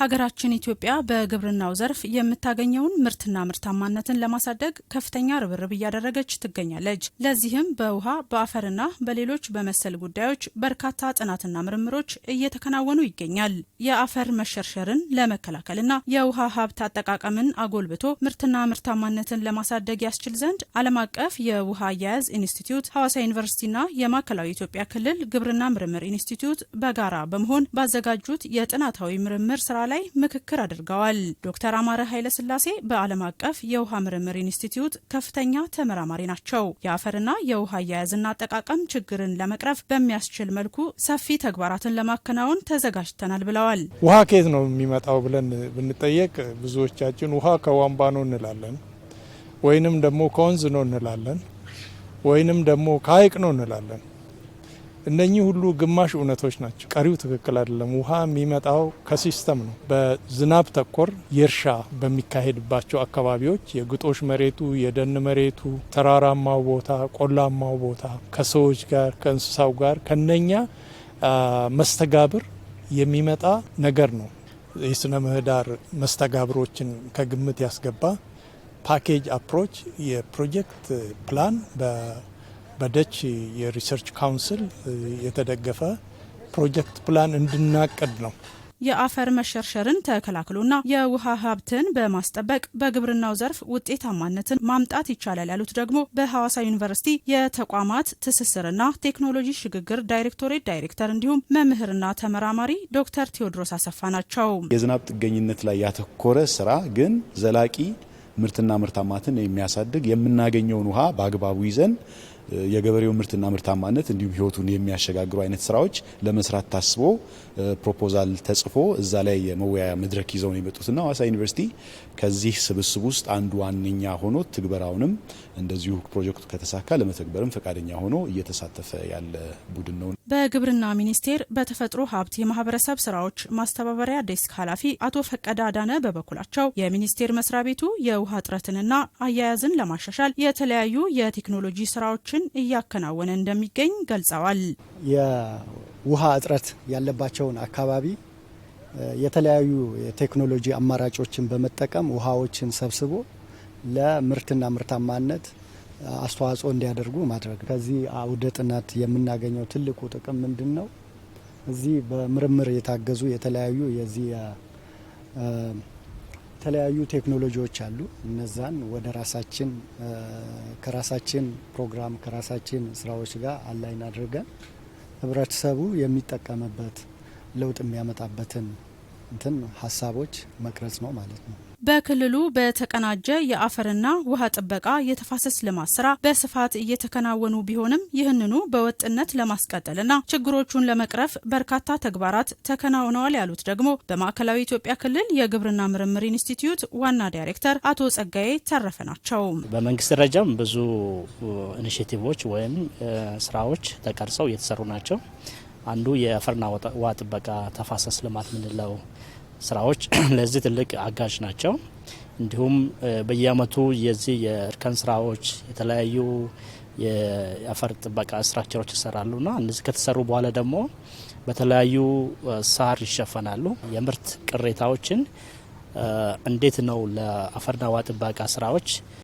ሀገራችን ኢትዮጵያ በግብርናው ዘርፍ የምታገኘውን ምርትና ምርታማነትን ለማሳደግ ከፍተኛ ርብርብ እያደረገች ትገኛለች። ለዚህም በውሃ በአፈርና በሌሎች በመሰል ጉዳዮች በርካታ ጥናትና ምርምሮች እየተከናወኑ ይገኛል። የአፈር መሸርሸርን ለመከላከልና የውሃ ሀብት አጠቃቀምን አጎልብቶ ምርትና ምርታማነትን ለማሳደግ ያስችል ዘንድ ዓለም አቀፍ የውሃ አያያዝ ኢንስቲትዩት፣ ሐዋሳ ዩኒቨርሲቲና የማዕከላዊ ኢትዮጵያ ክልል ግብርና ምርምር ኢንስቲትዩት በጋራ በመሆን ባዘጋጁት የጥናታዊ ምርምር ስራ ላይ ምክክር አድርገዋል። ዶክተር አማረ ኃይለስላሴ በዓለም አቀፍ የውሃ ምርምር ኢንስቲትዩት ከፍተኛ ተመራማሪ ናቸው። የአፈርና የውሃ አያያዝና አጠቃቀም ችግርን ለመቅረፍ በሚያስችል መልኩ ሰፊ ተግባራትን ለማከናወን ተዘጋጅተናል ብለዋል። ውሃ ከየት ነው የሚመጣው ብለን ብንጠየቅ ብዙዎቻችን ውሃ ከቧንቧ ነው እንላለን፣ ወይንም ደግሞ ከወንዝ ነው እንላለን፣ ወይንም ደግሞ ከሀይቅ ነው እንላለን እነኚህ ሁሉ ግማሽ እውነቶች ናቸው። ቀሪው ትክክል አይደለም። ውሃ የሚመጣው ከሲስተም ነው። በዝናብ ተኮር የእርሻ በሚካሄድባቸው አካባቢዎች የግጦሽ መሬቱ፣ የደን መሬቱ፣ ተራራማው ቦታ፣ ቆላማው ቦታ ከሰዎች ጋር ከእንስሳው ጋር ከነኛ መስተጋብር የሚመጣ ነገር ነው። የስነ ምህዳር መስተጋብሮችን ከግምት ያስገባ ፓኬጅ አፕሮች የፕሮጀክት ፕላን በደች የሪሰርች ካውንስል የተደገፈ ፕሮጀክት ፕላን እንድናቅድ ነው። የአፈር መሸርሸርን ተከላክሎና የውሃ ሀብትን በማስጠበቅ በግብርናው ዘርፍ ውጤታማነትን ማምጣት ይቻላል ያሉት ደግሞ በሐዋሳ ዩኒቨርሲቲ የተቋማት ትስስርና ቴክኖሎጂ ሽግግር ዳይሬክቶሬት ዳይሬክተር እንዲሁም መምህርና ተመራማሪ ዶክተር ቴዎድሮስ አሰፋ ናቸው። የዝናብ ጥገኝነት ላይ ያተኮረ ስራ ግን ዘላቂ ምርትና ምርታማትን የሚያሳድግ የምናገኘውን ውሃ በአግባቡ ይዘን የገበሬው ምርትና ምርታማነት እንዲሁም ህይወቱን የሚያሸጋግሩ አይነት ስራዎች ለመስራት ታስቦ ፕሮፖዛል ተጽፎ እዛ ላይ የመወያያ መድረክ ይዘው ነው የመጡትና ሀዋሳ ዩኒቨርሲቲ ከዚህ ስብስብ ውስጥ አንዱ ዋነኛ ሆኖ ትግበራውንም እንደዚሁ ፕሮጀክቱ ከተሳካ ለመተግበርም ፈቃደኛ ሆኖ እየተሳተፈ ያለ ቡድን ነው። በግብርና ሚኒስቴር በተፈጥሮ ሀብት የማህበረሰብ ስራዎች ማስተባበሪያ ዴስክ ኃላፊ አቶ ፈቀደ አዳነ በበኩላቸው የሚኒስቴር መስሪያ ቤቱ የውሃ እጥረትንና አያያዝን ለማሻሻል የተለያዩ የቴክኖሎጂ ስራዎችን እያከናወነ እንደሚገኝ ገልጸዋል። የውሃ እጥረት ያለባቸውን አካባቢ የተለያዩ የቴክኖሎጂ አማራጮችን በመጠቀም ውሃዎችን ሰብስቦ ለምርትና ምርታማነት አስተዋጽኦ እንዲያደርጉ ማድረግ። ከዚህ አውደ ጥናት የምናገኘው ትልቁ ጥቅም ምንድን ነው? እዚህ በምርምር የታገዙ የተለያዩ የዚህ የተለያዩ ቴክኖሎጂዎች አሉ። እነዛን ወደ ራሳችን ከራሳችን ፕሮግራም ከራሳችን ስራዎች ጋር አላይን አድርገን ህብረተሰቡ የሚጠቀምበት ለውጥ የሚያመጣበትን እንትን ሀሳቦች መቅረጽ ነው ማለት ነው። በክልሉ በተቀናጀ የአፈርና ውሃ ጥበቃ የተፋሰስ ልማት ስራ በስፋት እየተከናወኑ ቢሆንም ይህንኑ በወጥነት ለማስቀጠልና ችግሮቹን ለመቅረፍ በርካታ ተግባራት ተከናውነዋል ያሉት ደግሞ በማዕከላዊ ኢትዮጵያ ክልል የግብርና ምርምር ኢንስቲትዩት ዋና ዳይሬክተር አቶ ጸጋዬ ተረፈ ናቸው። በመንግስት ደረጃም ብዙ ኢኒሽቲቮች ወይም ስራዎች ተቀርጸው እየተሰሩ ናቸው። አንዱ የአፈርና ውሃ ጥበቃ ተፋሰስ ልማት ምንለው ስራዎች ለዚህ ትልቅ አጋዥ ናቸው። እንዲሁም በየአመቱ የዚህ የእርከን ስራዎች የተለያዩ የአፈር ጥበቃ ስትራክቸሮች ና እነዚህ ከተሰሩ በኋላ ደግሞ በተለያዩ ሳር ይሸፈናሉ። የምርት ቅሬታዎችን እንዴት ነው ለአፈርና ውሃ ጥበቃ ስራዎች